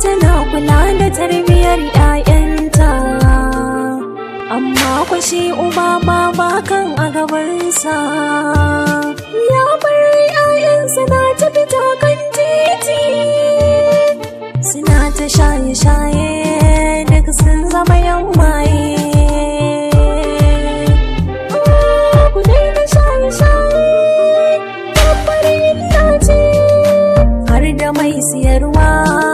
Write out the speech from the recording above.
tana kula da tarbiyar 'ya'yanta amma shi uba ma ba kan a gabansa ya bar 'ya'yansa na ta fito kan titi suna ta shaye-shaye duk sun zama yan maye mai siyarwa